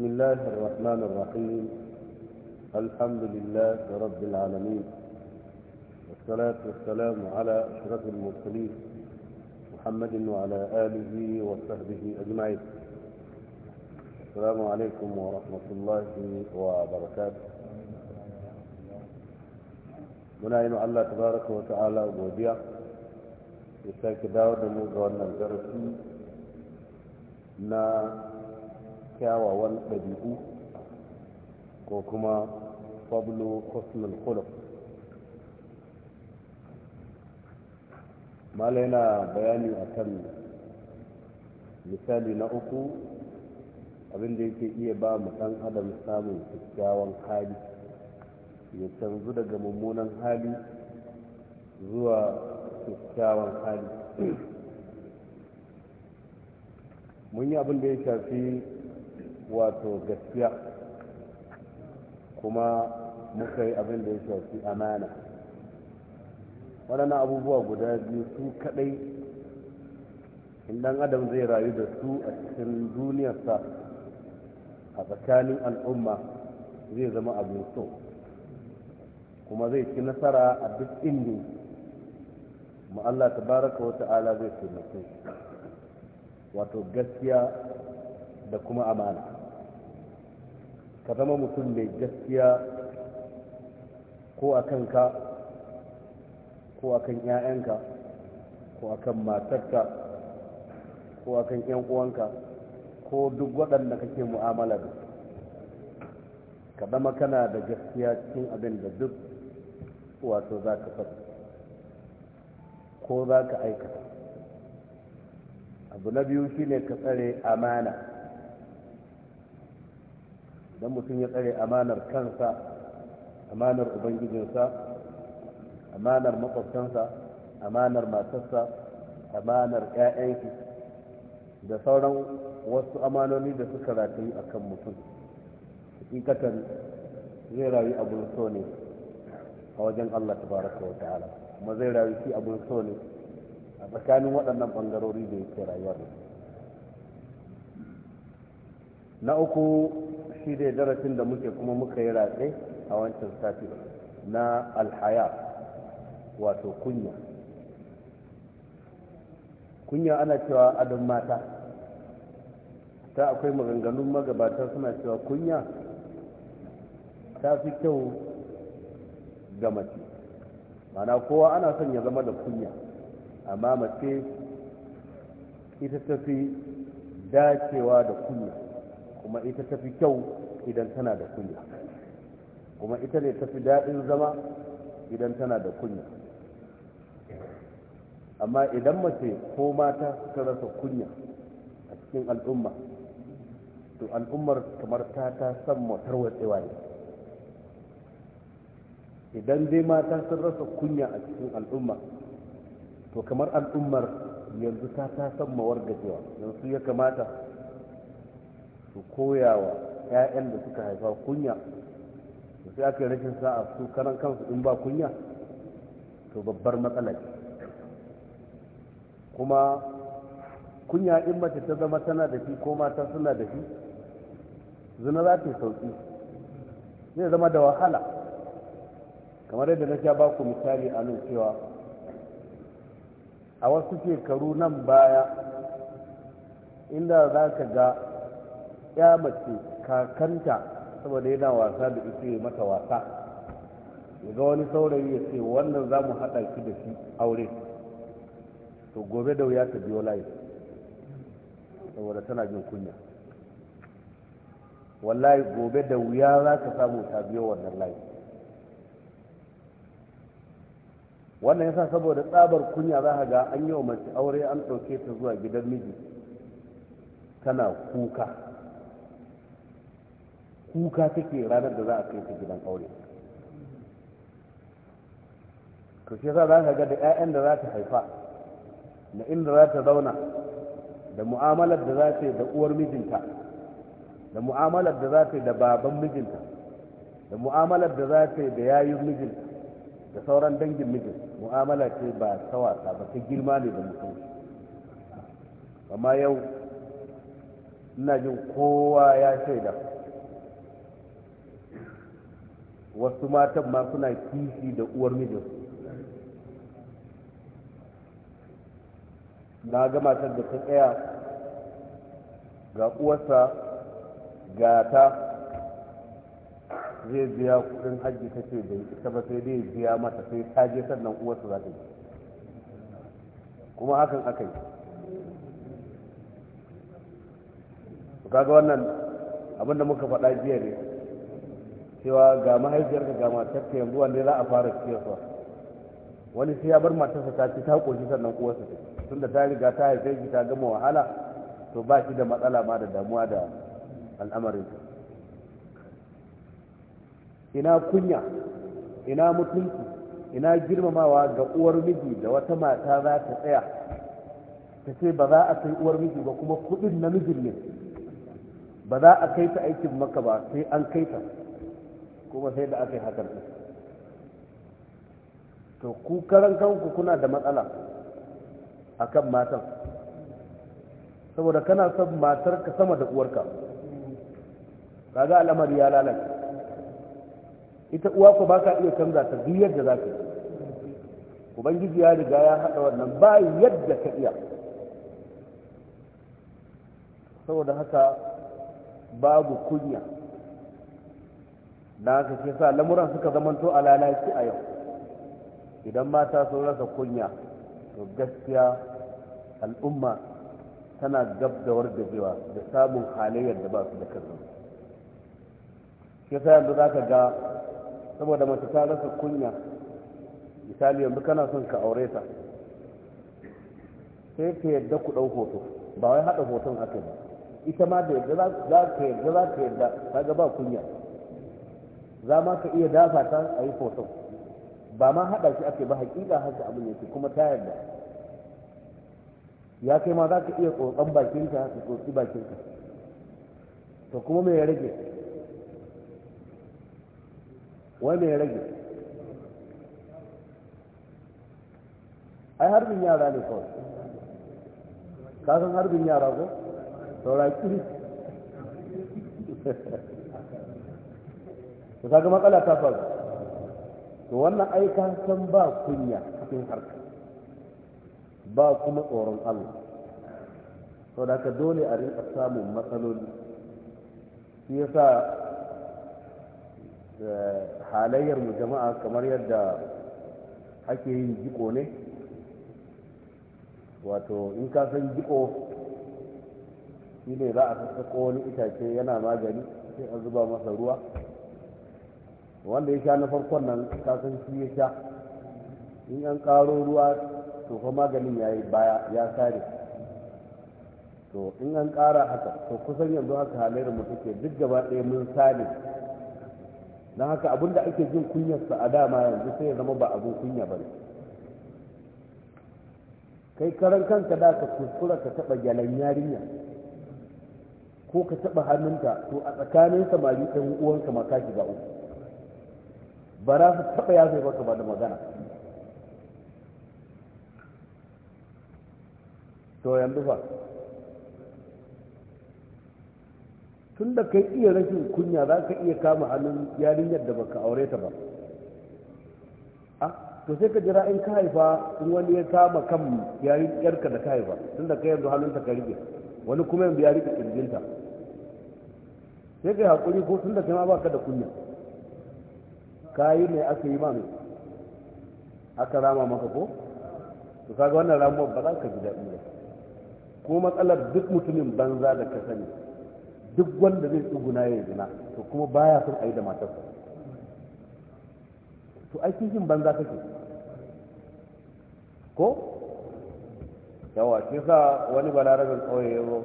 بسم الله الرحمن الرحيم الحمد لله رب العالمين والصلاة والسلام على أشرف المرسلين محمد وعلى آله وصحبه أجمعين السلام عليكم ورحمة الله وبركاته منعين الله تبارك وتعالى وبوديع يساك داود الموضوع الدرسي na kyawawan ɗabi'u ko kuma fablo Kosmin kulub mala yana bayani akan misali na uku abinda yake iya ba mu ɗan adam samun kyakkyawan hali ya canzu daga mummunan hali zuwa kyakkyawan hali mun yi abin ya shafi wato gaskiya kuma muka yi abin da ya shafi amana waɗannan abubuwa guda biyu su kaɗai inda adam zai rayu da su a cikin duniyarsa a tsakanin al'umma zai zama abin so kuma zai ci nasara a duk inda ma Allah baraka wa ta'ala zai taimake wato gaskiya da kuma amana ka zama mutum mai gaskiya ko a kanka ko a kan 'ya'yanka ko a kan matarka ko a kan 'yan uwanka ko duk waɗanda kake mu'amala da ka zama kana da gaskiya cikin abin da duk wato za ka faɗi ko za ka aikata abu na biyu shine ka tsare amana don mutum ya tsare amanar kansa amanar ubangijinsa amanar makwabtansa amanar matarsa amanar 'ya'yanki da sauran wasu amanoni da suka rataye a kan mutum hakikatan zai rayu abun so ne a wajen allah tabaraka wa ta'ala kuma zai rayu shi abun so ne a tsakanin waɗannan ɓangarori da yake rayuwar na uku shi dai darasin da muke kuma muka yi ratse a wancan sati na alhaya wato kunya kunya ana cewa adon mata ta akwai maganganun magabata suna cewa kunya ta fi kyau ga mace mana kowa ana son ya zama da kunya amma mace ita ta fi dacewa da kunya kuma ita tafi kyau idan tana da kunya kuma ita ne tafi daɗin zama idan tana da kunya amma idan mace ko mata ta rasa kunya a cikin al'umma to al'ummar kamar ta ta san matar watsewa ne idan dai mata sun rasa kunya a cikin al'umma to kamar al'ummar yanzu ta ta san mawar gajewa yanzu ya kamata su koyawa 'ya'yan da suka haifa kunya da sai aka yi rashin sa'a su karan kansu in ba kunya to babbar matsala ce kuma kunya in mace ta zama tana da shi ko mata suna da shi zina za ta sauki zai zama da wahala kamar yadda na sha baku misali a nan cewa a wasu shekaru nan baya inda za ka ga ya mace kakanta saboda yana wasa da ita yi mata wasa ya ga wani saurayi ya ce wannan za mu haɗa ki da shi aure to gobe da wuya ta biyo layi saboda tana jin kunya wallahi gobe da wuya za ka samu ta biyo wannan layi wannan yasa saboda tsabar kunya za ka ga an yi wa mace aure an ɗauke ta zuwa gidan miji tana kuka kuka take ranar da za a kai ta gidan aure to shi yasa za ka ga da 'ya'yan da za ta haifa da inda za ta zauna da mu'amalar da za ta yi da uwar mijinta da mu'amalar da za ta yi da baban mijinta da mu'amalar da za ta yi da yayin mijinta da sauran dangin mijin mu'amala ce ba ta wasa ba ta girma ne da mutum amma yau ina jin kowa ya shaida wasu matan ma suna kishi da uwar mijin na ga matar da ta tsaya ga uwarsa ga ta zai biya kudin hajji ta ce da ita ba sai dai biya mata sai ta je sannan uwarsa za ta yi kuma hakan aka yi kaga wannan abinda muka faɗa jiya ne cewa ga mahaifiyar ga ta yanzu wanda za a fara ciyarwa wani sai ya bar matarsa ta ci ta koshi sannan su ta tunda ta riga ta haife shi ta gama wahala to ba shi da matsala ma da damuwa da al'amarin ina kunya ina mutunci ina girmamawa ga uwar miji da wata mata za ta tsaya ta ce ba za a kai uwar miji ba kuma kuɗin namijin ne ba za a kai ta aikin maka ba sai an kai ta kuma sai da aka yi hakan to ku karan kanku kuna da matsala a kan matan saboda kana son matar ka sama da uwarka kaga al'amari ya lalata ita uwa ku ka iya canza ta duk yadda za ka yi ubangiji ya riga ya haɗa wannan ba yadda ka iya saboda haka babu kunya da aka shi sa lamuran suka zamanto a lalaci a yau idan mata sun rasa kunya to gaskiya al'umma tana gab da wargajewa da samun halayyar da ba su da kansu shi yanzu za ka ga saboda mace ta rasa kunya misali yanzu kana son ka aure ta sai ka yadda ku ɗau hoto ba wai haɗa hoton aka ba ita ma da yadda za ka yadda ta ba kunya za ma ka iya dafa ta a yi foto ba ma haɗa shi ake ba hakika haka abin yake kuma ta yarda ya kai ma za ka iya tsotsan bakinka ka tsotsi bakinka to kuma me ya rage wai me ya rage ai harbin yara ne kawai ka san harbin yara ko sauraki to kaga matsala ta faru to wannan ai ka san ba kunya cikin harka ba kuma tsoron Allah to da ka dole a rinka samun matsaloli shi yasa eh, halayyar mu jama'a kamar yadda ake yin jiko ne wato in ka san jiko shi ne za a sassaƙo wani itace yana magani sai a zuba masa ruwa wanda ya sha na farkon nan kasan shi ya sha in an karo ruwa to kuma maganin ya yi baya ya sare to in an kara haka to kusan yanzu haka halayyar mu take duk gaba ɗaya mun sare don haka abin da ake jin kunyarsa a dama yanzu sai ya zama ba abin kunya ba ne kai karan kanka da ka kuskura ka taɓa gyalan yarinya ko ka taɓa hannunta to a tsakanin samari ɗan uwanka ma ka ga uku ba za su taɓa yafe maka ba da magana to yanzu ba tun da kai iya rashin kunya za ka iya kama hannun yarinyar da baka aure ta ba to sai ka jira in ka haifa in wani ya kama kan yarka da ka haifa tun da kai yanzu hannunta ka rike wani kuma yanzu ya rike kirjinta sai ka yi haƙuri ko tun da kai ma baka da kunya kayi mai aka yi ma mai aka rama maka ko to kaga wannan ramuwar ba za ka ji daɗi ba ko matsalar duk mutumin banza da ka sani duk wanda zai tsuguna ya zina to kuma baya son a yi da matar to ai kishin banza kake ko yawa shi sa wani balarabin ƙauye ya zo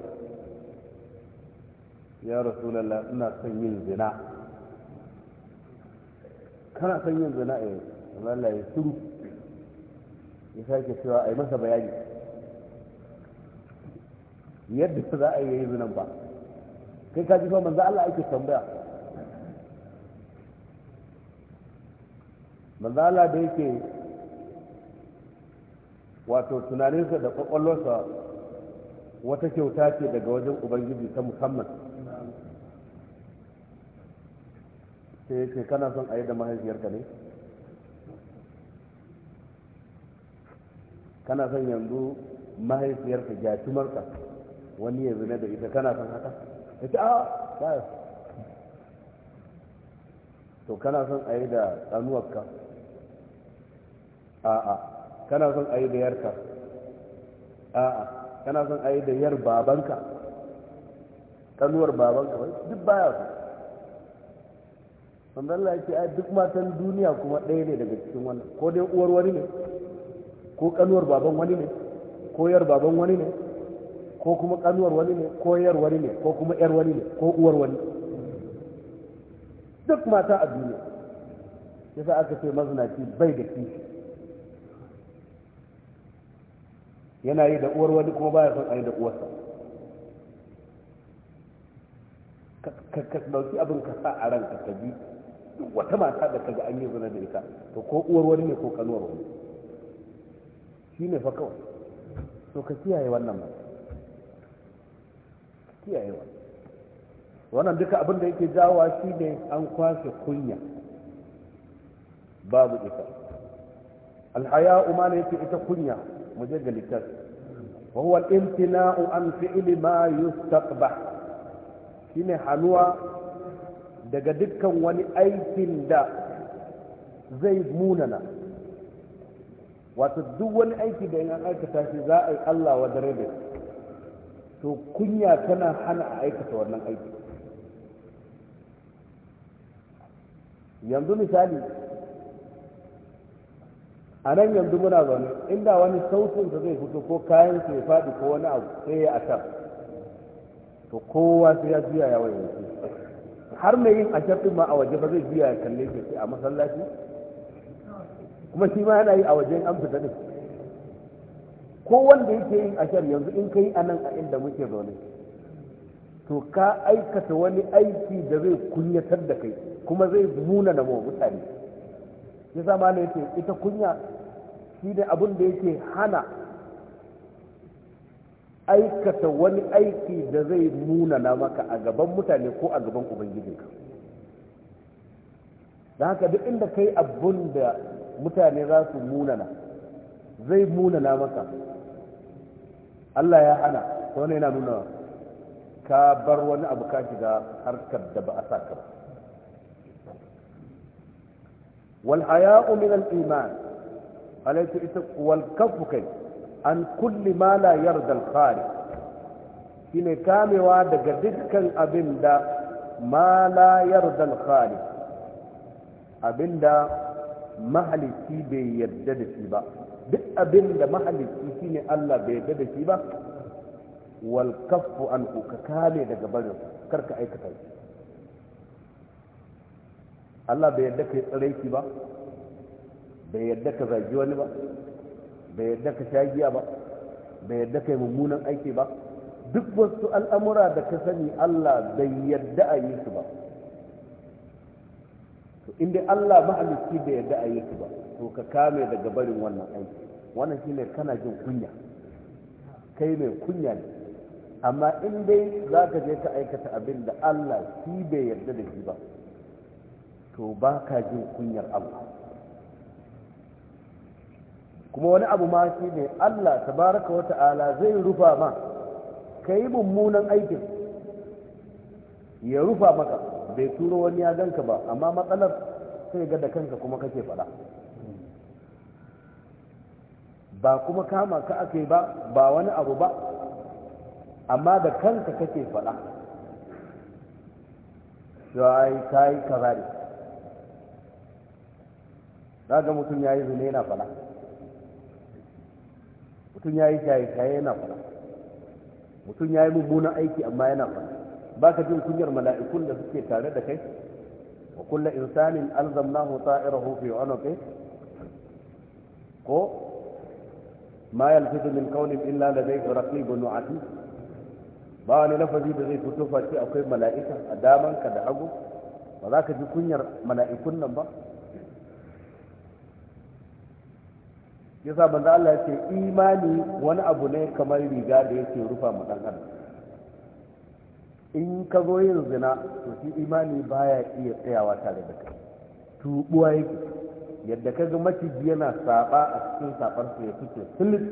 ya rasulallah ina son yin zina kana son yin zina eh Allah ya suru. ya sake cewa ai masa bayani yadda su za a yi zinan ba kai ka ji fa manzo Allah ake tambaya manzo Allah da yake wato tunaninsa da kwakwalwarsa wata kyauta ce daga wajen ubangiji ta musamman sai ya ce kana son a yi da mahaifiyarka ne kana son yanzu mahaifiyarka tumarka wani ya zina da ita kana son haka ya ce a ba to kana son a yi da tsanuwarka a'a kana son a yi da yarka a'a kana son a yi da yar babanka tsanuwar babanka bai duk baya su manzon Allah ce a duk matan duniya kuma ɗaya ne daga cikin wannan ko dai uwar wani ne ko kanuwar baban wani ne ko yar baban wani ne ko kuma kanuwar wani ne ko yar wani ne ko kuma yar wani ne ko uwar wani duk mata a duniya ya sa aka ce mazinaci bai da kishi yana yi da uwar wani kuma baya son a yi da uwarsa ka ɗauki abin ka sa a ranka ka bi wata mata da kaga an yi zina da ita to ko uwar wani ne ko kanuwar wani shi ne fa kawai to ka kiyaye wannan ba kiyaye wannan wannan duka abin da yake jawowa shi ne an kwashe kunya babu ita alhaya umar yake ita kunya mu je ga littafi wa huwa al-imtina'u an fi'li ma yustaqbah shine hanuwa daga dukkan wani aikin da zai munana wato duk wani aiki da an aikata shi za a yi Allah wa dare to kunya tana hana a aikata wannan aiki yanzu misali a nan yanzu muna zaune inda wani sautinsa zai fito ko kayan ya faɗi ko wani abu sai ya a to kowa sai ya juya ya yanzu. har mai yin ashar din ma a waje ba zai biya ya kalle shi a masallaci kuma shi ma yana yi a wajen an fita din ko wanda yake yin ashar yanzu in kai a nan a inda muke zaune to ka aikata wani aiki da zai kunyatar da kai kuma zai muna da mutane ya zama ne ita kunya shi ne abin da yake hana aikata wani aiki da zai nuna na maka a gaban mutane ko a gaban ubangijinka da haka duk inda kai abun da mutane za su munana zai munana maka Allah ya hana wani yana nuna ka bar wani abu ka shiga harkar da ba a sa ka ba wal haya'u min al iman alaitu ita wal kafu kai an kulli malayar la yarda al shine kamewa daga dukkan abin da ma la abin da mahalicci bai yarda da shi ba duk abin da shi ne Allah bai yarda da shi ba wal kaffu an ka kame daga barin karka aikata shi Allah bai yarda kai tsare shi ba bai yarda ka zagi wani ba bai yadda ka sha giya ba bai yadda ka yi mummunan aiki ba duk wasu al'amura da ka sani Allah bai yadda a yi su ba to inda Allah mahalicci bai yadda a yi su ba to ka kame daga barin wannan aiki wannan shi ne kana jin kunya kai mai kunya ne amma in dai za ka je ka aikata abin da Allah shi bai yadda da shi ba to ba ka jin kunyar Allah kuma wani abu ma shi ne Allah tabaraka wa ta'ala zai rufa ma ka yi mummunan aikin ya rufa maka bai turo wani ya ganka ba amma matsalar sai ga da kanka kuma kake fada ba kuma kama ka ake ba ba wani abu ba amma da kanka kake fada sai kai kazari daga mutum yayi zune na fada mutum ya yi shaye-shaye yana fara mutum ya yi mummunan aiki amma yana fara ba ka jin kunyar mala'ikun da suke tare da kai wa kulla insanin ira ta'irahu fi unuqi ko ma yalfizu min kaunin illa da ladayhi raqibun atid ba wani lafazi da zai fito face akwai mala'ika a damanka da hagu ba za ka ji kunyar mala'ikun nan ba yasa manzo Allah ya ce imani wani abu ne kamar riga da yake rufa mu dan adam in ka zo yin zina to shi imani baya iya tsayawa tare da kai tubuwa yake yadda ka ga maciji yana saba a cikin safar ya fice sulit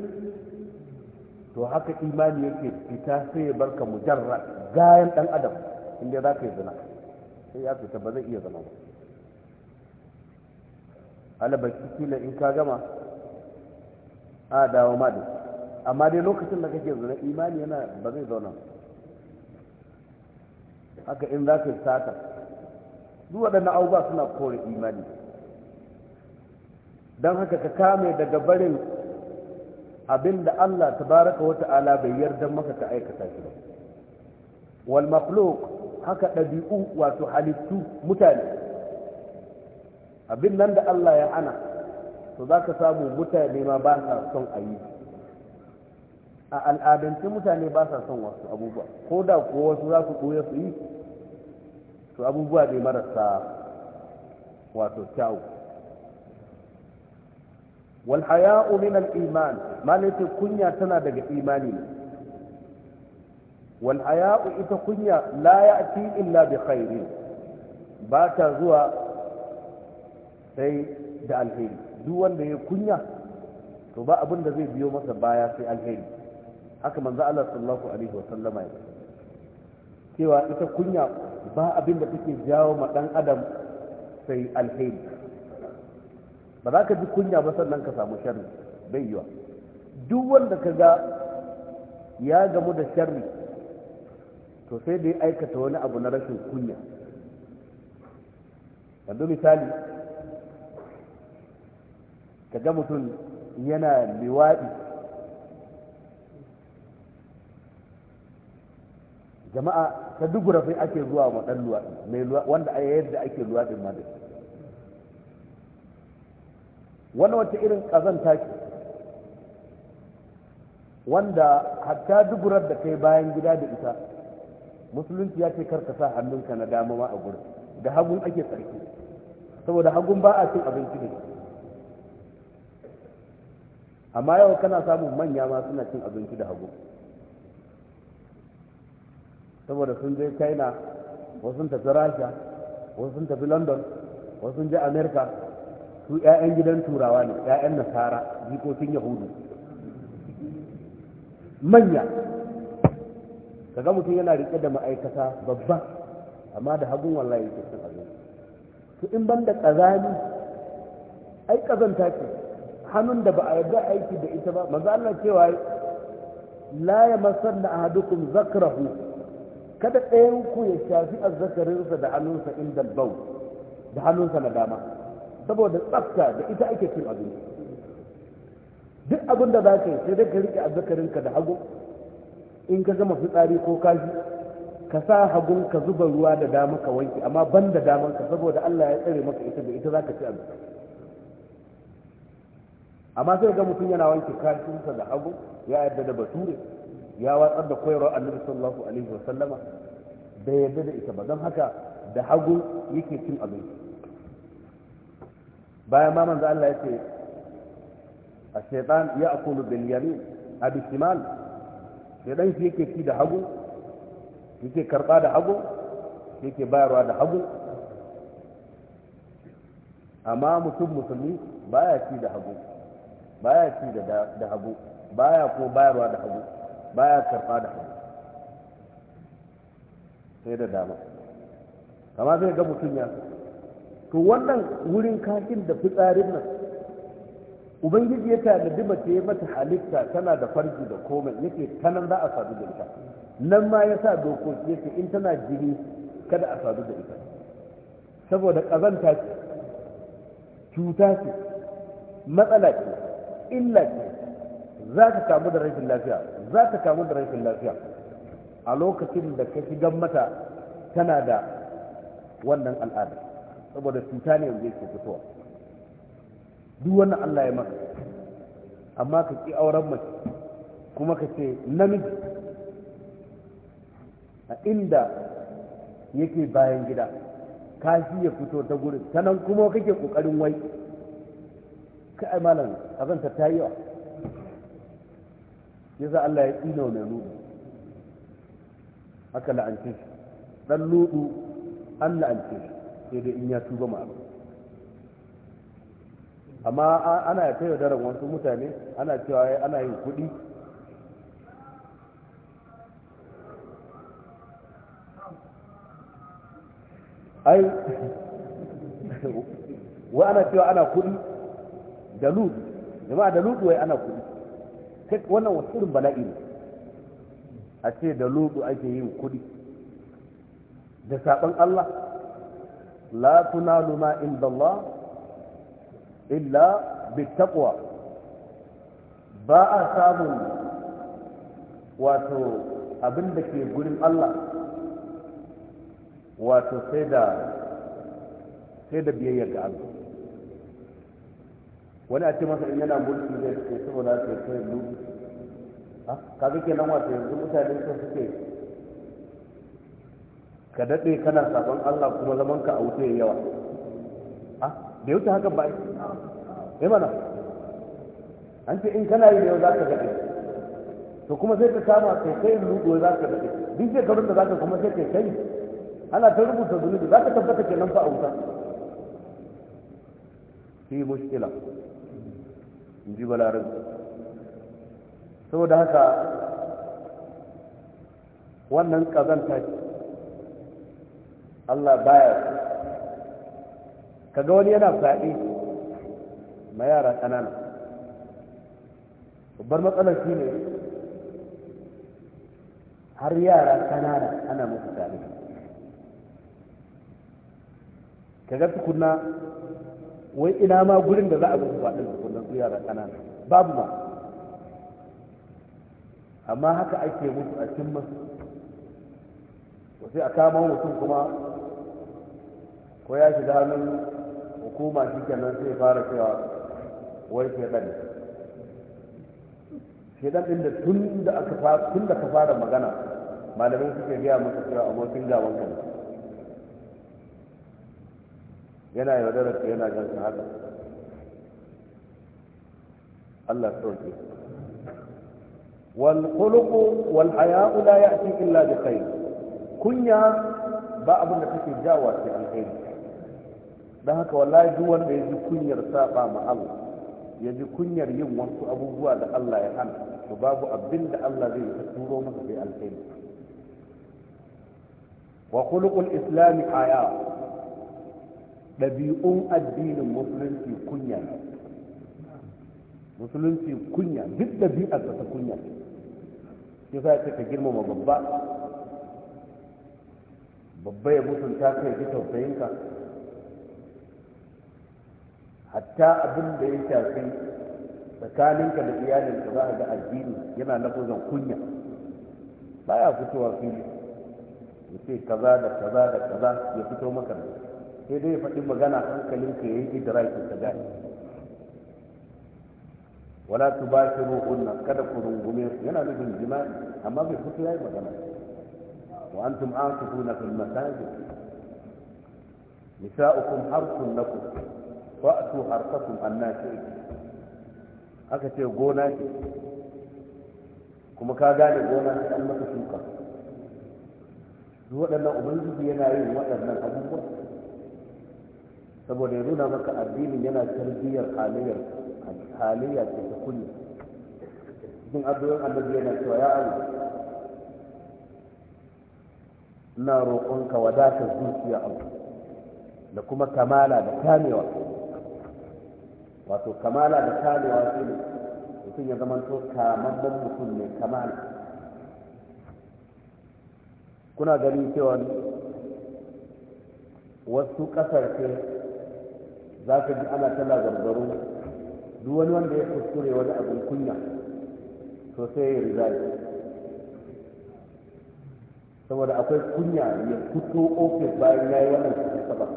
to haka imani yake fita sai ya barka mujarra gayan dan adam inda za ka yi zina sai ya fita ba zai iya zama ba baki kila in ka gama a dawo ma da amma dai lokacin da kake zuna imani yana ba zai zauna haka in za ka yi sata duk waɗannan abubuwa suna kore imani don haka ka kame daga barin abin da Allah wata ala bai yarda maka ka aikata shi ba wal makhluk haka ɗabi'u wato halittu mutane abin nan da Allah ya ana to za ka samu mutane ma ba sa son a yi a al'adance mutane ba sa son wasu abubuwa ko da ko wasu za su koya su yi su abubuwa ne marasa wato kyau. wal haya'u min al iman malaka kunya tana daga imani ne wal haya'u ita kunya la ya'ti illa bi khairin ba ta zuwa sai da alheri duk wanda ya kunya to ba abin da zai biyo masa baya sai alheri haka manzo Allah sallallahu alaihi wasallama ya cewa ita kunya ba abin da take jawo ma dan adam sai alheri ba za ka ji kunya ba sannan ka samu sharri bai yiwa duk wanda ka ga ya gamu da sharri to sai da ya aikata wani abu na rashin kunya yanzu misali ka ga mutum yana liwaɗi jama'a ta duk rafi ake zuwa ma ɗan luwaɗi wanda a yadda ake luwaɗin ma da wani wata irin ƙazanta ce wanda hatta duburar da kai bayan gida da ita musulunci ya ce karka sa hannunka na dama ma a gurin da hagun ake tsarki saboda hagun ba a cin abinci da shi amma yau kana samun manya ma suna cin abinci da hagu saboda sun je china wasu sun tafi rasha wasu sun tafi london wasu sun je america su 'ya'yan gidan turawa ne 'ya'yan nasara jikokin yahudu manya kaga mutum yana riƙe da ma'aikata babba amma da hagun wallahi yake cin abinci to in ban da ƙazani ai ƙazanta ce hannun da ba a yarda aiki da ita ba maza Allah cewa la yamassanna ahadukum zakrahu kada ɗayan ku ya shafi zakarinsa da hannunsa inda bau da hannunsa na dama saboda tsafta da ita ake cin abinci duk abin da za ka yi sai dai ka riƙe zakarinka da hagu in ka gama fitsari ko kashi ka sa hagun ka zuba ruwa da dama ka wanke amma ban da daman ka saboda Allah ya tsare maka ita da ita za ka ci abinci amma sai ga mutum yana wanke kashinsa da hagu ya yarda da bature ya watsar da koyarwar annabi sallallahu alaihi wa sallama da yarda da ita ba don haka da hagu yake cin abinci bayan ma manzo Allah ya ce a shaitan ya akulu bil yamin abi bishimal shaitan shi yake ci da hagu yake karba da hagu yake bayarwa da hagu amma mutum musulmi baya ci da hagu baya ci da hagu baya ko bayarwa da hagu baya karfa da hagu sai da dama kama zai ga mutum ya to wannan wurin kakin da fitsarin nan ubangiji ya tanadi mace ya mata halitta tana da farji da komai yake ta nan za a sadu da ita nan ma ya sa dokoki yake in tana jini kada a sadu da ita saboda ƙazanta ce cuta ce matsala ce illa ce za ka kamu da rashin lafiya za ka kamu da rashin lafiya a lokacin da ka shiga mata tana da wannan al'ada saboda cuta ne yanzu yake fitowa duk wannan Allah ya maka amma ka ki auren mace kuma ka ce namiji a inda yake bayan gida kashi ya fito ta gurin sanan kuma kake ƙoƙarin wai ka ai malam azanta ta yi Ya yasa Allah ya tsina wa mai haka aka la'ance shi dan ludu an la'ance shi sai dai in ya tuba ma abu amma ana ya ta daren wasu mutane ana cewa ana yin kuɗi ai wa ana cewa ana kuɗi da jama'a da wai ana kuɗi kai wannan wasu irin bala'i ne a ce da ake yin kuɗi da saɓon Allah la tunalu ma inda Allah illa taqwa ba a samun wato abin da ke gurin Allah wato sai da sai da biyayya ga Allah wani a ce masa in yana mulki zai ce saboda ta yi sai lu kaga kenan wato yanzu mutane sun suke ka daɗe kana sabon Allah kuma zaman ka a wuce yawa a da yau ta haka ba ai eh mana an ce in kana yi da yau za ka daɗe to kuma sai ka kama kai kai lugo za ka daɗe duk shekarun da za ka kuma sai kai kai ana ta rubuta zunubi za ka tabbata kenan fa a wuta fi mushkila in ji balarin saboda haka wannan kazanta ce allah baya kaga wani yana fyaɗe ma yara ƙanana babbar matsalar shi ne har yara ƙanana ana musu fyaɗe kaga tukuna wai ina ma gurin da za a gudu waɗin da kullum su yara ƙanana babu ma amma haka ake mutu a cin masu sai a kama mutum kuma ko ya shiga hannun hukuma shi kenan sai fara cewa wai ke ɗan ke ɗan ɗin da tun da ka fara magana malamin suke gaya masa cewa abokin gaban kanta yana yaudarar ka yana jan haka Allah sauke wal khuluqu wal haya'u la ya'ti illa bi khair kunya ba abin da kake jawa sai alkhairi dan haka wallahi duk wanda ya ji kunyar saba ma Allah ya ji kunyar yin wasu abubuwa da Allah ya hana to babu abin da Allah zai ta turo masa sai alkhairi wa khuluqul islami haya ɗabi'un addinin musulunci kunya musulunci kunya duk da ta kunya ce sa ce ka girmama babba babba ya mutunta ka ya ji tausayinka hatta abin da ya shafi tsakaninka da iyalinka za a ga addini yana lafazan kunya baya fitowa fili ya ce kaza da kaza da kaza ya fito maka sai dai ya faɗi magana hankalinka ya yi idraki ka gane wala tubashiru unna kada ku rungume yana nufin jima'i amma bai fito yayi magana wa antum aakifuna fil masajid nisa'ukum harsun lakum fa'tu harsakum annati aka ce gona ce kuma ka gane gona ce an maka shuka duk waɗannan ubangiji yana yin waɗannan abubuwa saboda ya nuna maka addinin yana tarbiyyar halayyar halayya ce ta kullu cikin addu'o'in annabi yana cewa ya Allah ina roƙonka wadatar zuciya a da kuma kamala da kamewa wato kamala da kamewa shi ne mutum ya zama to kamar mutum ne kamala kuna gani cewa wasu ƙasashe za ka ji ana tana garbaro duk wani wanda ya kuskure wani abin kunya to sai ya rizayi saboda akwai kunya ya fito ofis bayan ya yi wannan kusa ba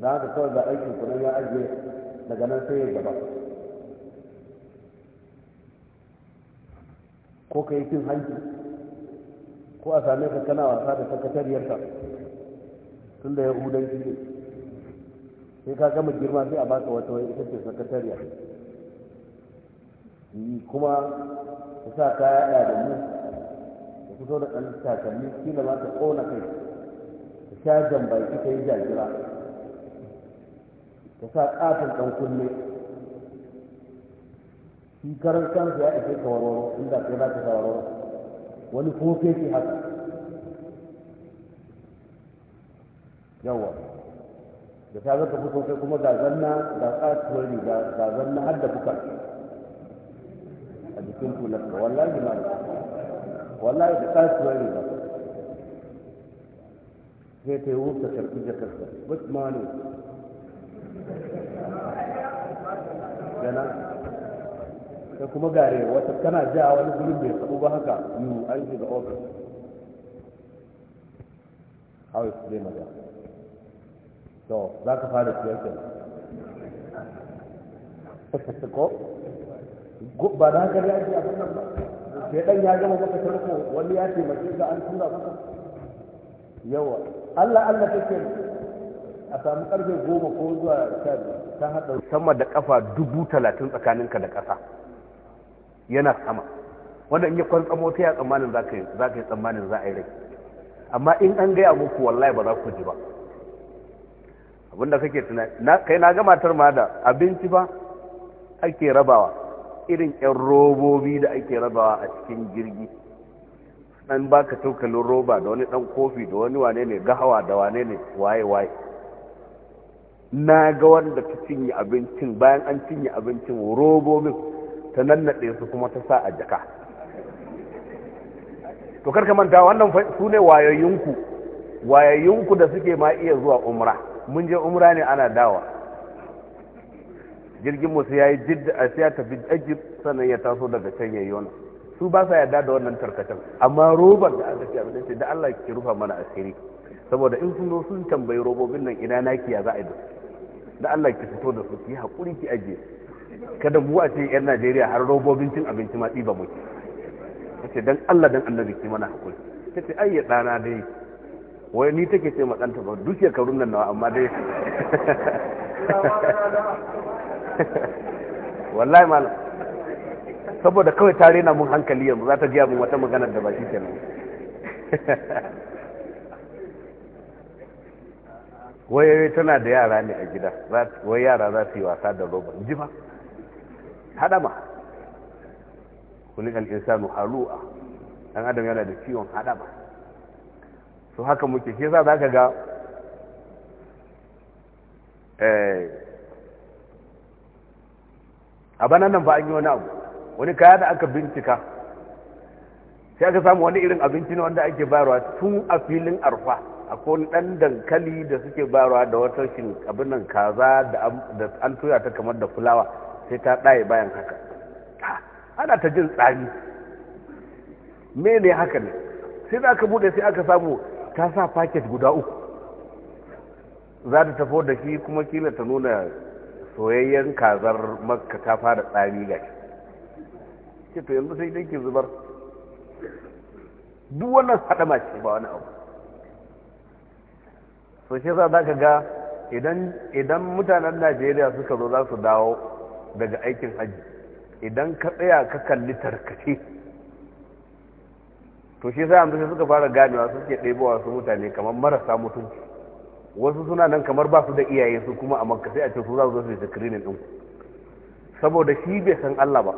za ka kawai ga aikin kunan ya ajiye daga nan sai ya gaba ko ka yi cin hanci ko a same ka kana wasa da sakatariyarsa tun da yahudanci ne sai ka gama girma sai a baka wata wai ita ce sakatariya kuma ta sa kaya yada da mu ka fito da ɗan takalmi kila ma ka ƙona kai ta sha jambaki ka yi jajira ta sa ƙaton ɗan kunne shi karar kansu ya ake kawarwaro warwaro inda kai za ka sa wani kuma shi haka yawa da ta zaka fito kai kuma ga zanna ga tsatuwar riga ga zanna har da kuka a jikin kulanka wallahi ma wallahi da tsatuwar riga sai ta yi wuta karfi da karfi but money kenan sai kuma gare wata kana ja wani gurin bai sabu ba haka yiwu an shiga ofis zai is to za ka fara siyar kenan ko ba da haka ya a nan ba sai dan ya gama maka tarko wani ya ce mace ga an tura maka yawa Allah Allah take a samu karfe goma ko zuwa sha ta haɗa sama da kafa dubu talatin tsakaninka da ƙasa yana sama wanda in ya kwan tsamo ta ya tsammanin za ka yi tsammanin za a yi rai amma in an gaya muku wallahi ba za ku ji ba abinda kake tunani kai na ga matar ma da abinci ba ake rabawa irin yan robobi da ake rabawa a cikin jirgi dan baka tokalin roba da wani dan kofi da wani wane ne gahawa da wane ne waye waye na ga wanda ta cinye abincin bayan an cinye abincin robobin ta nannaɗe su kuma ta sa a jaka to karka manta wannan su ne wayayyunku wayayyunku da suke ma iya zuwa umra mun je umra ne ana dawa jirgin musu ya yi jidda a siya tafi egypt sannan ya taso daga can ya yona su ba sa yarda da wannan tarkacen amma robar da aka ce abinci da allah ki rufa mana asiri saboda in sun zo sun tambayi robobin nan ina naki za a yi da allah ki fito da su ki haƙuri ki ajiye kada mu a ce yan najeriya har robobin cin abinci ma ɗiba muke ta ce don allah don annabi ki mana haƙuri ta ce ai ya ɗana dai wai ni take ce matsanta ba duk karun nan na amma dai wallahi malam saboda kawai ta rena mun hankali yanzu za ta ji mun wata maganar da ba shi kenan wai tana da yara ne a gida wai yara za su yi wasa da roba ji ba hadama kulikal insanu halu'a dan adam yana da ciwon ba to haka muke shi yasa ka ga eh, a banan nan ba an yi wani abu wani kaya da aka bincika sai aka samu wani irin abinci ne wanda ake bayarwa tun a filin arfa a wani ɗan dankali da suke bayarwa da wata shin abin nan kaza da an tuya ta kamar da fulawa sai ta ɗaye bayan haka ana ta jin tsami mene haka ne sai za ka bude sai aka samu ta sa paket guda uku za ta tafo da shi kuma kila ta nuna soyayyen kazar makka ta fara tsari ga shi to yanzu sai dai zubar duk wannan haɗa mace ba wani abu so shi za ka ga idan mutanen najeriya suka zo za su dawo daga aikin hajji idan ka tsaya ka kalli tarkace to shi sai amsa suka fara ganewa suke ɗebowa su mutane kamar marasa mutunci wasu suna nan kamar ba su da iyaye su kuma a makka sai a ce su za su zo su yi screening ɗin saboda shi bai san Allah ba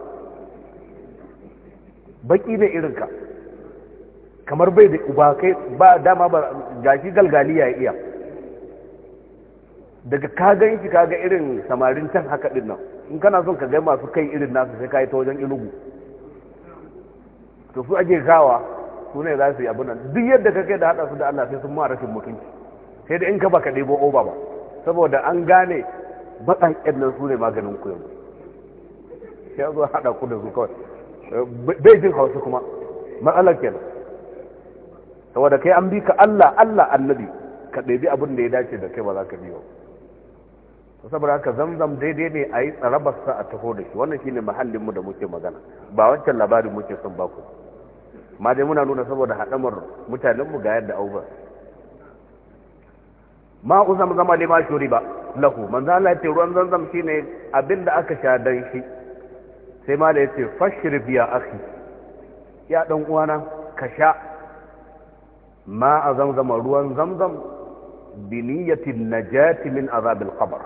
baki ne irinka kamar bai da uba kai ba dama ba gashi galgali ya iya daga ka gan shi ga irin samarin can haka ɗin nan in kana son ka ga masu kai irin nasu sai ka yi ta wajen ilugu to su ake gawa su ne za su yi abin nan duk yadda ka kai da haɗa su da Allah sai sun mara rashin mutunci sai da in ka baka ɗebo oba ba saboda an gane baƙan ƙyannan su ne maganin ku yanzu ya zo haɗa ku da su kawai bai jin hausa kuma matsalar kenan saboda kai an bi ka Allah Allah annabi ka ɗebi abin da ya dace da kai ba za ka bi ba saboda haka zamzam daidai ne a yi tsarabarsa a taho da shi wannan shine mahallinmu da muke magana ba wancan labarin muke son baku ma dai muna nuna saboda haɗamar mutanenmu ga yadda auba ma uzam zama lima shuri ba lahu manzo Allah ya ce ruwan zanzam shine abinda aka sha dan shi sai ma da yace fashrib ya akhi ya dan uwana ka sha ma azamzama ruwan zanzam bi niyyati najati min azab al-qabr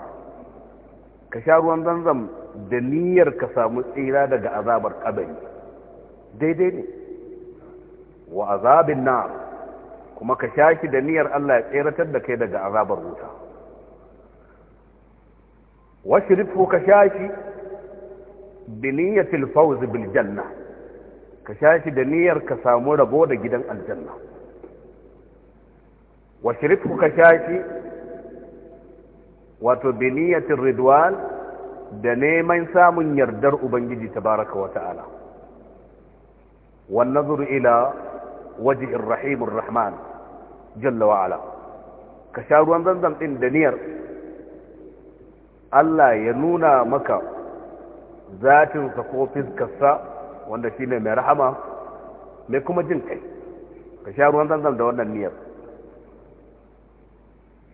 ka sha ruwan zanzam da niyyar ka samu tsira daga azabar kabari daidai ne wa azabin na kuma ka shaki da niyyar Allah ya tseratar da kai daga azabar wuta washrifu ka shaki bi niyyatil fawz bil janna ka shaki da niyyar ka samu rabo da gidan aljanna washrifu ka shaki wato bi ridwan da neman samun yardar ubangiji ta wa ta'ala Wannan nazuru ila waje irrahimun rahman jalla wa'ala ka sha ruwan zanzan ɗin da niyar Allah ya nuna maka zatinsa ko fiskarsa wanda shi ne mai rahama mai kuma jin kai ka sha ruwan zanzan da wannan niyyar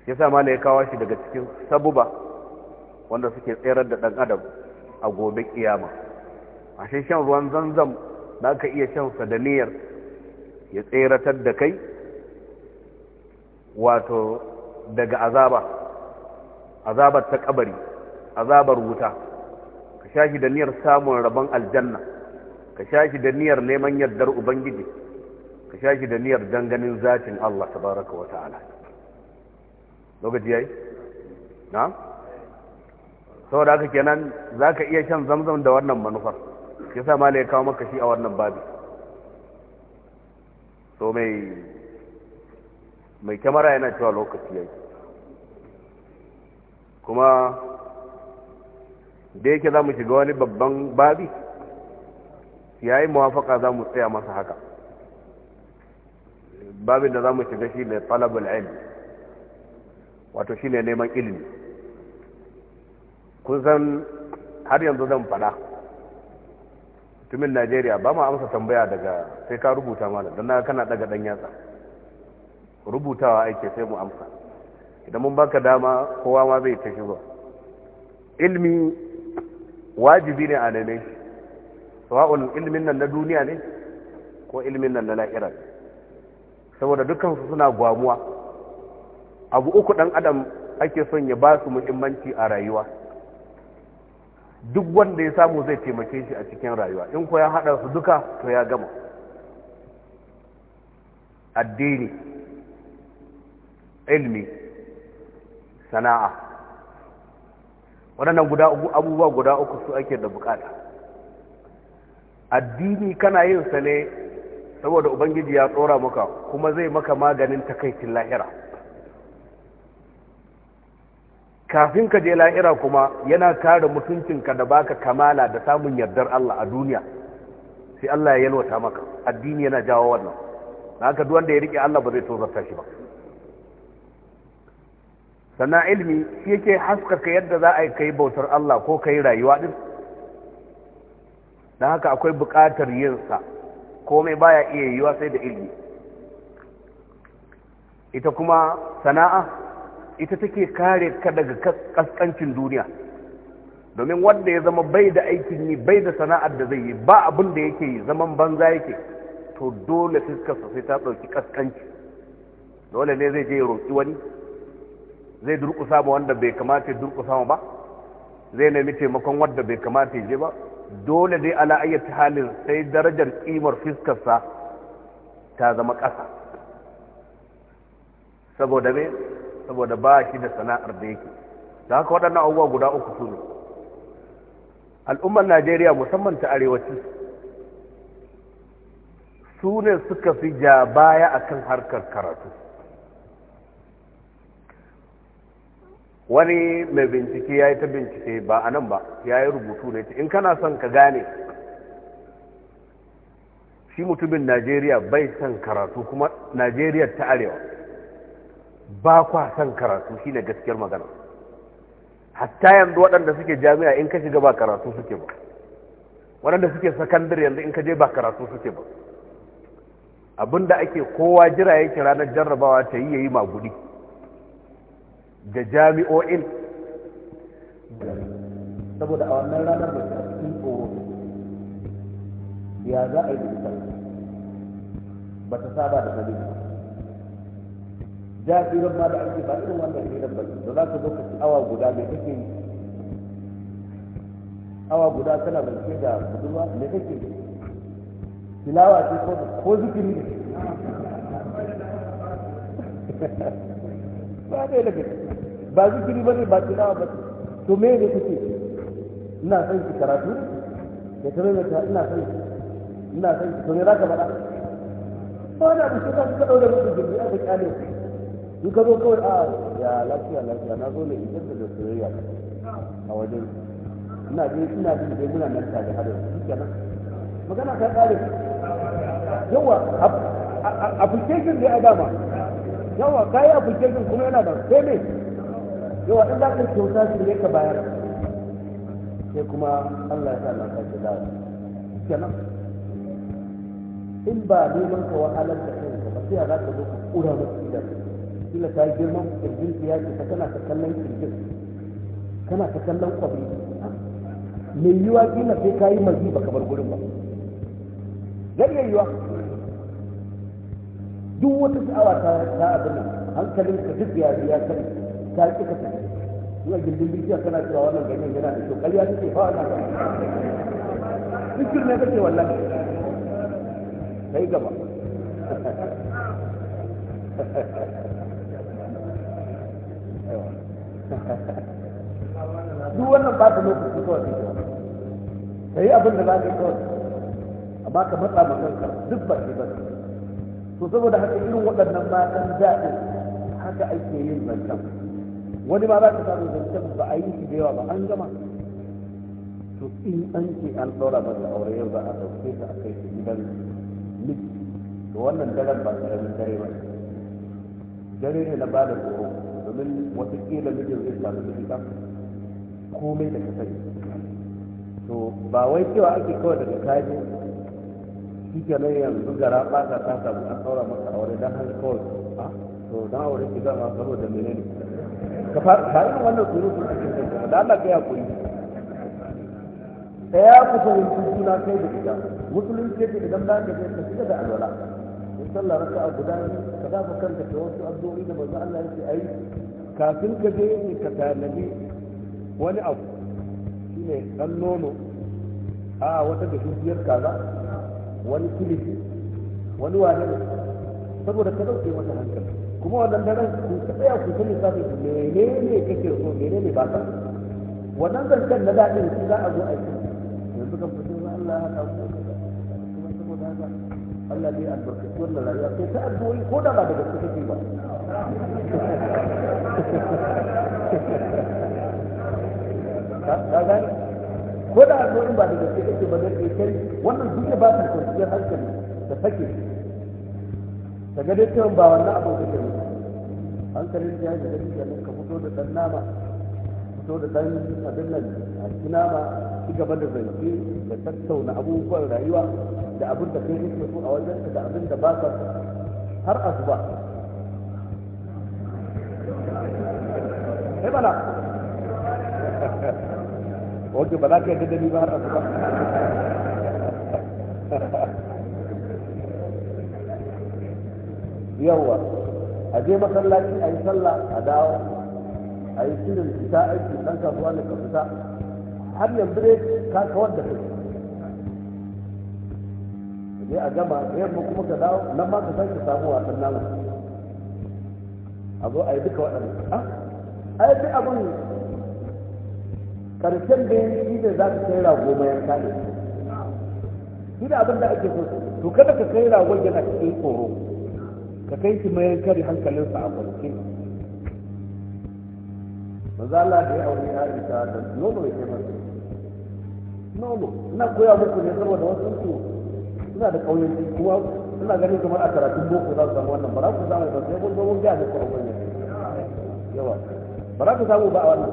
ya sa ma ya kawo shi daga cikin sabuba wanda suke tserar da ɗan adam a gobe kiyama a shan ruwan zanzan da aka iya shansa da niyar? ya tseratar da kai wato daga azaba azabar ta kabari azabar wuta ka shahi da niyyar samun rabon aljanna ka shahi da niyyar neman yardar ubangiji ka shahi da niyyar danganin zatin Allah tabaraka wa ta'ala lokaci yayi na saboda haka kenan zaka iya shan zamzam da wannan manufar yasa malai kawo maka shi a wannan babu to mai mai kyamara yana cewa lokaci ya kuma da yake za mu shiga wani babban babi yi mawafaka za mu tsaya masa haka babin da za mu shiga shi ne talabul ilmi wato shi ne neman ilimi kun san har yanzu zan fada mutumin najeriya ba ma amsa tambaya daga sai ka rubuta malam don na kana daga dan yatsa rubutawa ake sai mu amsa idan mun baka dama kowa ma zai tafi ba ilmi wajibi ne a neme sawa'un ilmin nan na duniya ne ko ilmin nan na lahira saboda dukkan su suna gwamuwa abu uku dan adam ake son ya ba su muhimmanci a rayuwa duk wanda ya samu zai taimake shi a cikin rayuwa in ko ya haɗa su duka to ya gama addini ilmi sana'a waɗannan guda abubuwa guda uku su ake da bukata addini kana yin sa ne saboda ubangiji ya tsora maka kuma zai maka maganin takaicin lahira kafin ka je la'ira kuma yana kare mutuncinka da baka kamala da samun yardar Allah a duniya sai Allah ya yalwata maka addini yana jawo wannan haka duk wanda ya rike Allah ba zai zarta shi ba sannan ilimi shi yake haskaka yadda za a yi kai bautar Allah ko kai rayuwa din na haka akwai buƙatar yinsa komai baya iya yiwa sai da ilimi, ita kuma sana'a ita take kare ka daga kaskancin duniya domin wanda ya zama bai da aikin yi bai da sana'ar da zai yi ba abin da yake yi zaman banza yake to dole fiskarsa sai ta ɗauki kaskanci dole ne zai je ya roƙi wani zai durƙusa ba wanda bai kamata ya durƙusa ba zai nemi taimakon wanda bai kamata ya je ba dole dai ala ayyata halin sai darajar ƙimar fiskarsa ta zama ƙasa saboda me saboda ba shi da sana'ar da yake da haka waɗannan abubuwa guda uku su ne al'ummar najeriya musamman ta arewaci su ne suka fi ja baya akan harkar karatu wani mai bincike ya yi ta bincike ba a nan ba ya yi rubutu ne in kana son ka gane shi mutumin najeriya bai son karatu kuma najeriya ta arewa ba kwa son karatu shine gaskiyar magana hatta yanzu waɗanda suke jami'a in ka shiga ba karatu suke ba waɗanda suke sakandare yanzu in ka je ba karatu suke ba abinda ake kowa jira yake ranar jarrabawa ta yi yayi magudi da jami'o'in saboda a wannan ranar da ta ya za a yi da ita ba ta saba da ba. jafiran ma da ake ba irin wannan hirar ba da za ka zo ka ci awa guda mai kake yi awa guda tana bance da budurwa mai kake yi tilawa ce ko ko zikiri ne ba dai daga ba zikiri ba ne ba tilawa ba to me ne kake ina son ki karatu ne da tare da ina son ina son ki to ne za ka faɗa ba da shi ka ka ɗaure musu da a da kyale in ka zo kawai a ah, ya lafiya lafiya na zo ne in da da soyayya a wajen ina je ina jin dai muna nan tare har yanzu kenan magana ta kare yawa application dai a dama yawa kai application kuma yana da sai ne yawa in za ka kyauta shi ne ka bayar sai kuma Allah ya sa na sake da kenan in ba neman ka wahalar da kai ba sai za ka zo ka kura musu idan kila ta girman kirjin ya ce ta kana ta kallon kirjin kana ta kallon kwabi mai yiwa kila sai ka yi mazi ba kamar gurin ba zai yiwa duk wata sa'awa ta ta abin hankalin ka duk ya ya kai ta ki ka tafi ina gindin bishiya kana cewa wannan ganyen yana da kyau ya ce fa wannan fikir ne kake wallahi kai gaba duk wannan ba ta lokaci kawai ne ka yi abin da za ka kawai amma ka matsa ma kanka duk ba shi ba to saboda haka irin waɗannan matan daɗin haka ake yin zancen wani ma za ka samu zancen ba a yi shi da yawa ba an gama to in an ce an ɗora masa aure yau za a ɗauke ta a kai shi gidan miki to wannan daren ba ƙaramin dare ba dare ne na ba da tsoro domin watakila mijin zai samu ciki ba komai da ka sani to ba wai cewa ake kawai daga kaji shi ke nan yanzu gara ɓata ta samu a saura masa aure don haka kawai a ah, to don aure ki zama saboda mene ne ka fara wannan surutu a cikin da Allah ka Ta ya kusa wuce suna kai da ita musulunci ce idan ba ka je ka shiga da alwala sallah raka'a guda ka dafa kanta da wasu addu'o'i da manzo Allah yake ayi kafin ka je ne ka tanadi wani abu shine dan nono a wata da dukiyar kaza wani kilifi wani wani saboda ka dauke mata hankali kuma wannan daren ku ka tsaya ku sani sabi menene kake so menene ba ka wannan zancen na daɗin shi za a zo a yi yanzu kan fito Allah ya kawo ku saboda haka Allah zai albarkaci wannan rayuwa sai ta addu'o'i ko da ba daga gaske take ba ka ko da addu'o'in ba daga gaske take ba zai kai kai wannan duk ba ta kwanciyar hankali da take ta ga dai cewa ba wannan abu da ke hankalin ya ga dai ka fito da dan nama fito da dan abin nan a cikin nama ci gaba da zance da tattauna abubuwan rayuwa da abin da kai yake so a wajen da abin da ba ka har azuba kai bala wato ba za ka yadda ni ba har azuba yawwa a je masallaci a yi sallah a dawo a yi shirin fita aiki ɗan kasuwa ne ka fita har yanzu ne ka kawar da kai je a gama ɗayan mu kuma ka dawo nan ma ka sake samu wasan nama. a zo a yi duka waɗannan a yi fi abin karshen da shi ne za ka kai rago mai yanka ne shi da abin da ake so to kada ka kai rago yana cikin tsoro ka kai shi mai yanka da hankalinsa a kwanci manzo Allah da ya aure Aisha da nono ya kai masa no na koya muku ne saboda wasu su suna da kauyen kuma suna ganin kamar a karatun boko za su samu wannan ba za ku samu ba sai kun zo mun ga muku a wannan yawa ba za ku samu ba a wannan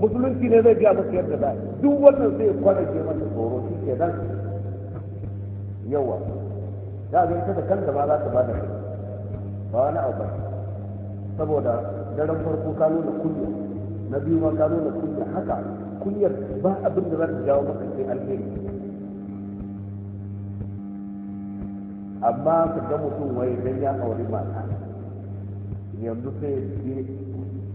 musulunci ne zai biya muku yadda za duk wannan sai kwana ke mata tsoro shi ke nan yawa za ga ita da kanta ma za ta ba da ba wani abu ba saboda daren farko ka nuna kunya na biyu ma ka nuna kunya haka kunyar ba abin da za ta jawo maka sai alheri amma ka ga mutum wai dan ya aure mata yanzu sai ya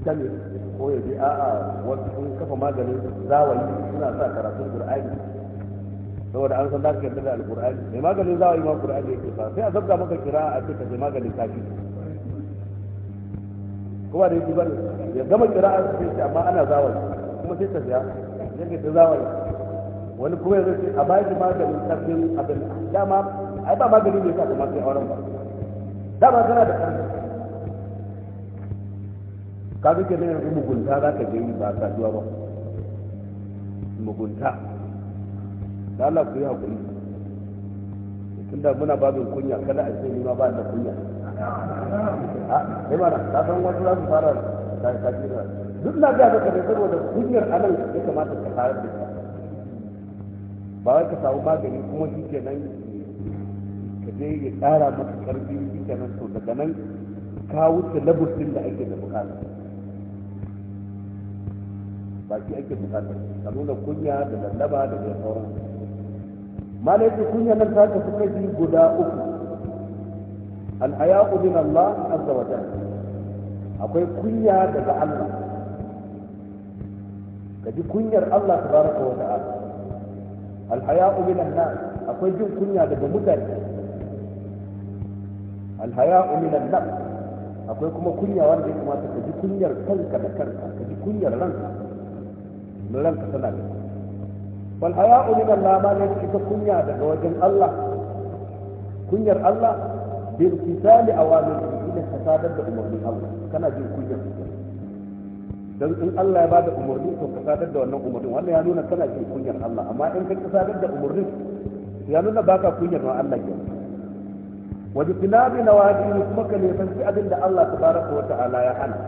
kame ko ya je a'a wasu sun kafa maganin zawayi suna sa karatun qur'ani saboda an san za ka yarda da alqur'ani mai maganin zawayi ma qur'ani yake fa sai a zabga maka kira a ce ka je maganin safi kuma da yake bane ya gama kira'a sai amma ana zawayi kuma sai ta biya yadda ta zamani wani kuma yanzu sai a bayan da maganin karfin abin dama ai ba magani ne sa kuma sai auren ba dama tana da karfi ka zuke ne yanzu mugunta za ka je yi ba zuwa ba mugunta da Allah ku yi hakuri tunda muna babin kunya kada a ce ni ma ba da kunya a ah, ne eh mana ka san wasu za su fara ka duk na ga maka ne saboda kunyar anan ya kamata ka fara da ba wai ka samu magani kuma shi nan ka je ya tsara maka karfi shi nan to daga nan ka wuce labusin da ake da bukata ba shi ake bukata ka nuna kunya da lallaba da da sauran malai ce kunya nan ta tafi kashi guda uku al-haya'u min Allah azza wa jalla akwai kunya daga Allah ka ji kunyar Allah ta baraka wa ta'ala alhaya'u umina nas akwai jin kunya daga mutane alhaya'u umina nas akwai kuma kunya wanda ya kamata ka ji kunyar kanka da kanka ka ji kunyar ranka don ranka tana da wal haya'u minan nas ma ne ita kunya daga wajen Allah kunyar Allah bi imtisali awamir ina ka sadar da umarnin Allah kana jin kunya dan in Allah ya bada umarni to ka sadar da wannan umarnin wannan ya nuna kana jin kunyar Allah amma in ka sadar da umarnin ya nuna baka kunyar wa Allah ke wajen tinabi na wajibi kuma ka nisanci abin da Allah tabaraka wa ta'ala ya hana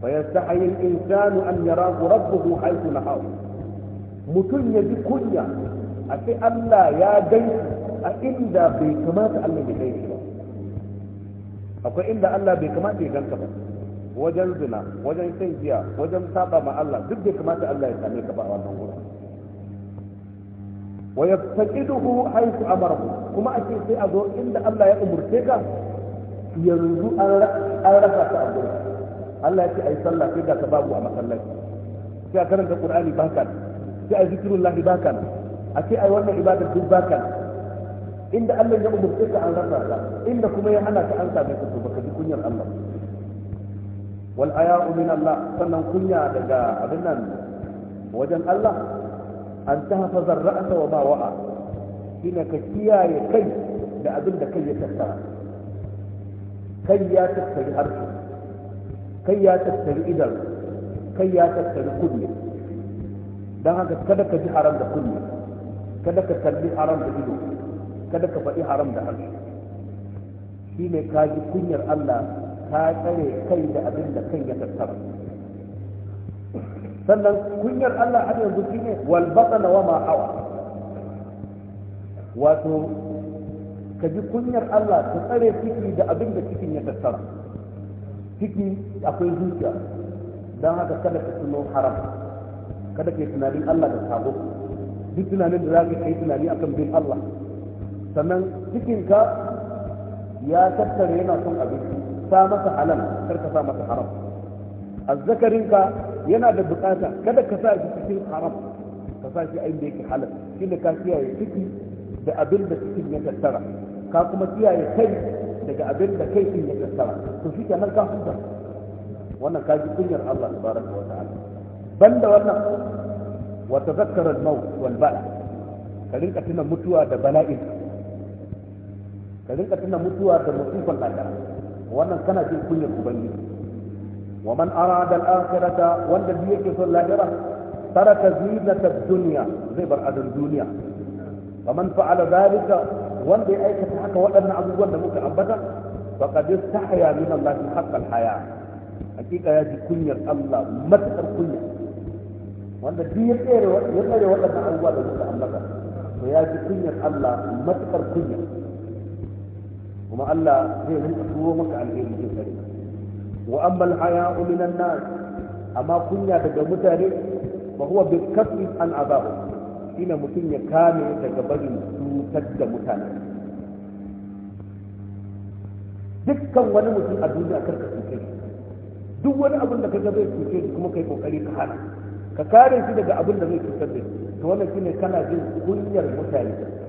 فيستحي الإنسان أن يراه ربه حيث نهاه متن kunya, a أتي Allah ya جيس a inda bai kamata Allah ya kai ba akwai inda Allah bai kamata ya ganka ba wajen zina wajen shan giya wajen saba ma Allah duk bai kamata Allah ya same ka ba a wannan wurin wa yaftaqiduhu haythu amarahu kuma ake sai a zo inda Allah ya umurce ka yanzu an rasa ta abu Allah ya ce ai sallah sai ga babu a masallaci sai a karanta Qur'ani bakan, sai a zikrullah bakan, a ce ai wannan ibadar duk baka inda Allah ya umurce ka an rasa ka inda kuma ya hana ka an same ka to baka ji kunyar Allah wal aya'u min Allah sannan kunya daga abin nan wajen Allah an tahfaza ar-ra'sa wa ma wa'a shine ka kiyaye kai da abin da kai ya tattara kai ya tattari harshe kai ya tattari idan kai ya tattari kunne Dan haka kada ka ji haram da kunne kada ka kalli haram da ido kada ka faɗi haram da haram shi ne ka ji kunyar Allah ka tsare kai da abin da kai ya tattara sannan kunyar Allah har yanzu shi ne wal batana wa ma hawa wato ka ji kunyar Allah ka tsare ciki da abin da cikin ya tattara ciki akwai zuciya don haka kada ka tuno haram kada ka yi tunanin Allah da sabo duk tunanin da za ka yi tunani akan bin Allah sannan cikinka ya tattare yana son abinci sa masa halal ka sa masa haram azzakarinka yana da bukata kada ka sa shi cikin haram ka sa shi inda yake halal shi ne ka kiyaye ciki da abin da cikin ya tattara ka kuma kiyaye kai daga abin da kai din ya tattara to shi nan ka huta wannan ka ji kunyar Allah tabaraka wa ta'ala banda wannan wa tadhakkara al-maut wal ka rinka tuna mutuwa da bala'i ka rinka tuna mutuwa da musifan lahira wannan kana jin kunyar ubangiji wa man arada al-akhirata wanda bi ke son lahira taraka zinata ad-dunya zai bar adon duniya wa man fa'ala dhalika wanda ya aikata haka waɗannan abubuwan da muka ambata faqad istahya min Allah haqq al-haya hakika ya ji kunyar Allah matakar kunya wanda duk ya tsere ya tsere waɗannan abubuwa da muka ambata to ya ji kunyar Allah matakar kunya kuma Allah zai rinka turo maka alheri zai kare wa amma al-haya'u minan nas amma kunya daga mutane Ba huwa bi kasri an azabu ina mutum ya kame daga barin cutar da mutane dukkan wani mutum a duniya karka cuce duk wani abin da kaga zai cuce shi kuma kai kokari ka hana ka kare shi daga abin da zai cutar da shi to wannan shine kana jin kunyar mutane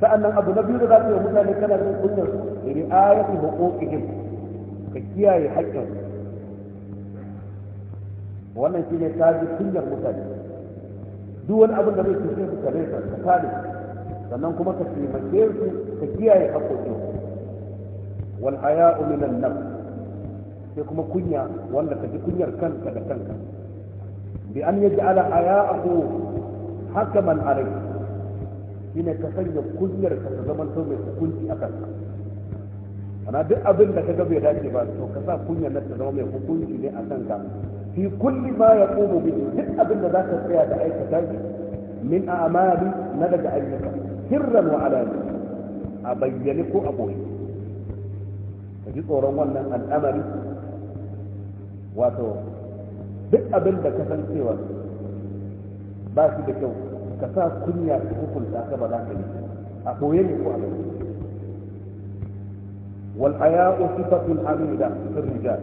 sa'annan abu na biyu da za su yi mutane kana jin kunyar da ri'ayatu huquqihim ka kiyaye haƙƙin wannan shine ka ji kunyar mutane duk wani abin da zai cuce su ka resa ka tare sannan kuma ka taimake su ka kiyaye haƙƙoƙin wal haya'u minan nafs sai kuma kunya wanda ka ji kunyar kanka da kanka bi an yaj'ala haya'ahu hakaman alayka shine ka sanya kunyar ka zaman to mai hukunci a kanka ana duk abin da kaga bai dace ba to ka sa kunyar nan ta zama mai hukunci ne a kanka fi kulli ma ya yaqumu bi duk abin da zaka tsaya da aikata shi min a'mali na daga ayyuka sirran wa alani a bayyane ko a boye ka ji tsoron wannan al'amari wato duk abin da cewa ba shi da kyau ka sa kunya ta hukunta ka ba za ka yi a koye ne ko a gani wal aya'u sifatul hamida fil rijal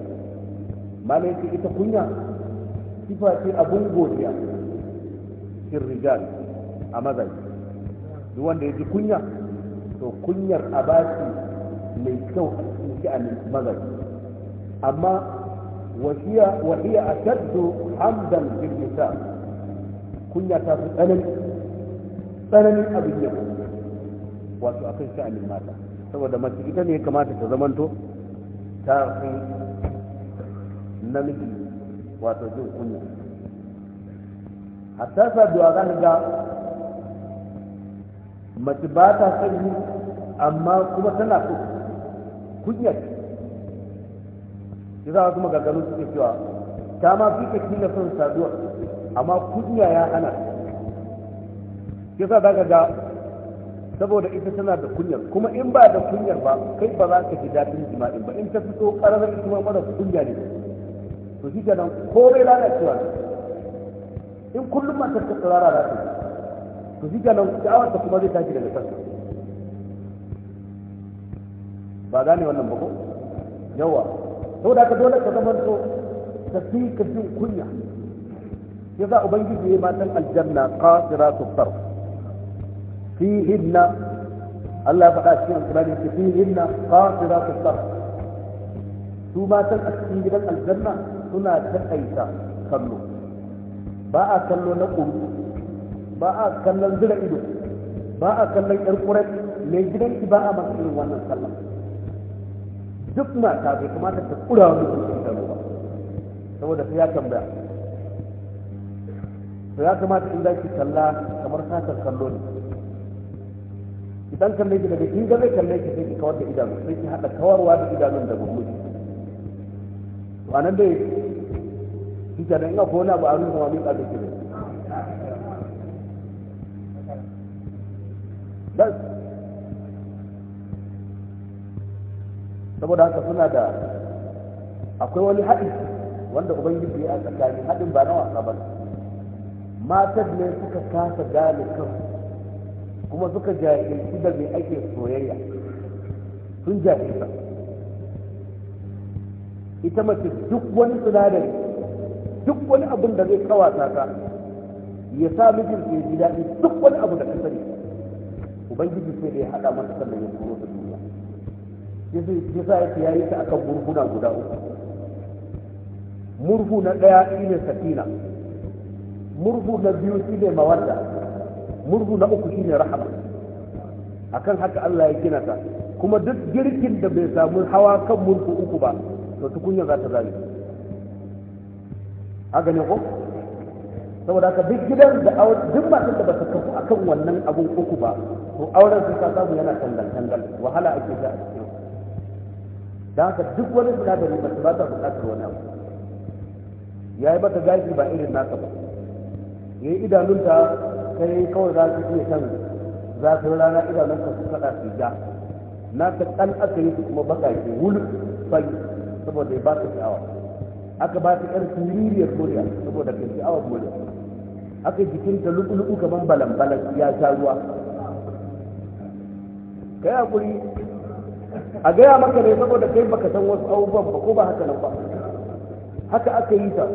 ce ita kunya sifa ce abun godiya fil rijal a mazaji duk wanda ya ji kunya to kunyar abaki mai kyau a cikin a mazaji amma wahiya wahiya ashaddu hamdan bil nisa kunya ta fi tsanani tsananin abin yabo wato akan sha'anin mata saboda mace ita ne kamata ta zamanto ta fi namiji wato jin kunya hatta saduwa za ga mace ba ta sanyi amma kuma tana so kunya shi za a kuma gagarin suke cewa ta ma fi ka kila son saduwa amma kunya ya hana shi yasa ka ga saboda ita tana da kunyar kuma in ba da kunyar ba kai ba za ka ji daɗin jima'in ba in ta fito ƙarar ita ma mara kunya ne to shi kenan komai lalacewa in kullum ma ta tsara za ta to shi kenan sha'awar ta kuma zai tashi daga kansa ba gane wannan ba ko yawa saboda ka dole ka zama to ta fi ka jin kunya yasa ubangiji ya matan aljanna qasiratu tarf fihin na Allah ya faɗa cikin alƙurani ce fihin na qasira fi sarf su matan a cikin gidan aljanna suna taƙaita kallo ba a kallo na ƙuru ba a kallon zira ido ba a kallon ƴar ƙurai mai gidan ki ba a masu irin wannan kallon duk mata bai kamata ta ƙura wani cikin kallo ba saboda ta ya tambaya to ya kamata in za ki kalla kamar satar kallo ne idan kalle ki daga in ga zai kalle ki sai ki kawar da idanu sai ki hada kawarwa da idanun da gumu to anan dai shi ta dan ko na ba a ruwa wani ka dake bas saboda haka suna da akwai wani haɗi wanda ubangiji ya tsakani haɗin ba na wasa ba matar ne suka kasa gane kansu kuma suka jahilci da mai ake soyayya sun jahilta ita mace duk wani sinadari duk wani abin da zai kawata ta ya sa mijin ke ji daɗi duk wani abu da ka sani ubangiji sai da ya haɗa masa sannan ya turo ta duniya ya sa yake yayi ta akan murhuna guda uku murhu na ɗaya shine sakina murhu na biyu shine mawadda murhu na uku shine rahama akan haka Allah ya gina ta kuma duk girkin da bai samu hawa kan murhu uku ba to tukunya za ta zame haka ne ko saboda haka duk gidan da duk matan da ba ta kafu akan wannan abun uku ba to auren su ta samu yana tangal tangal wahala ake ga a cikin da haka duk wani sinadari ba su ba ta bukatar wani abu ya yi mata gashi ba irin naka ba ya yi idanunta kai kawai za su iya kan zafin rana idanun ka su faɗa su ja na ta kan aka yi su kuma baka ke wul fari saboda ya ba ka sha'awa aka ba ta ƴar siririyar koriya saboda ka sha'awa murya aka jikinta lu'ulu'u kamar balan-balan ya sha ruwa kai hakuri a gaya maka ne saboda kai baka san wasu abubuwan ba ko ba haka nan ba haka aka yi ta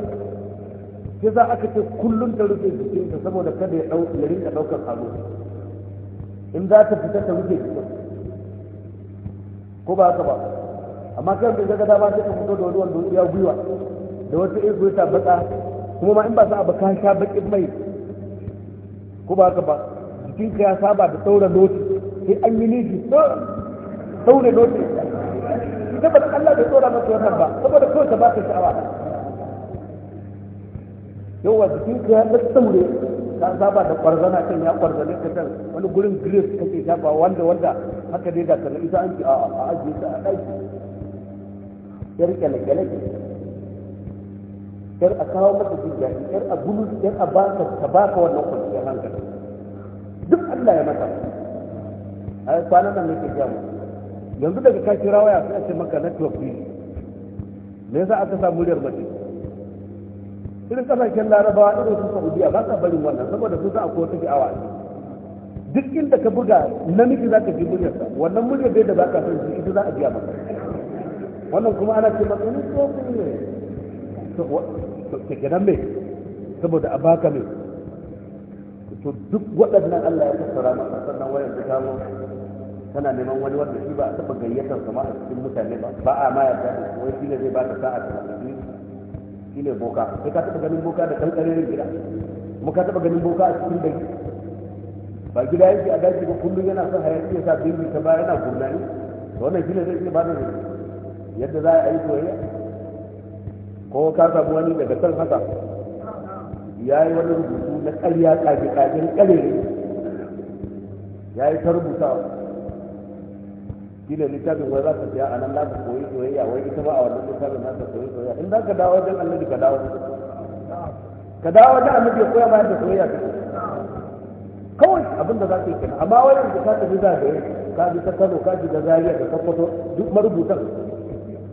sai za aka ce kullum ta rufe jikinta saboda kada ya ya rinka ɗaukar hannu in za ta fita ta rufe jikin ko ba haka ba amma kai da daga dama sai ka fito da wani wanda ya gwiwa da wata iya gwiwa ta baka kuma ma in ba sa abu ka sha bakin mai ko ba haka ba jikinka ya saba da saura noti sai an yi nishi saura noti ita ba da Allah bai tsora maka wannan ba saboda kawai ta ba ta sha'awa yawa jikin ka ya tsaure ka saba da kwarzana kan ya kwarzane ka can wani gurin grace kake shafa wanda wanda haka dai da kana ita an ji a ajiye ta a ɗaki yar kyale ke yar a kawo maka jijiya yar a gudu yar a baka ka baka wannan kwanciyar hankali duk Allah ya mata a kwanan nan yake gaya mu yanzu daga kashi rawaya sai a ce maka network ne me yasa aka samu muryar mace irin kasashen larabawa irin su saudiya ba sa barin wannan saboda sun sa a kowace fi'awa duk inda ka buga namiji za ka ji muryarsa wannan muryar dai da ba ka san shi ita za a biya maka wannan kuma ana ce maka ni so ne to kenan mai saboda a baka mai to duk waɗannan Allah ya fassara maka sannan wayar ta kamo tana neman wani wanda shi ba a taɓa gayyatar sama a cikin mutane ba ba a ma yarda da wai shi ne zai ba ta sa'a ta shi ne boka sai ka taɓa ganin boka da kankarerin gida kuma ka taɓa ganin boka a cikin dangi ba gida yake a daji ba kullum yana son hayaki ya sa dangi ta ba yana gurnani to wannan shi ne zai iya bada yadda za a yi soyayya ko ka samu wani daga san haka ya yi wani rubutu na ƙarya ƙage-ƙagen ƙarere ya yi ta rubuta shi littafin wai za ka siya a nan za ka koyi soyayya wai ita ba a wannan littafin za ka koyi soyayya in za ka dawo wajen annabi ka dawo ka dawo wajen annabi ya koya bayan da soyayya ka kawai abin da za ka yi kenan amma wai yanzu ka tafi zagaye ka ji ta kano ka ji da zariya da tabbato duk marubutan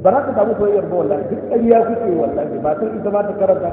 ba za ka samu soyayyar ba wallahi duk ƙarya kuke wallahi ba sai ita ma ta karanta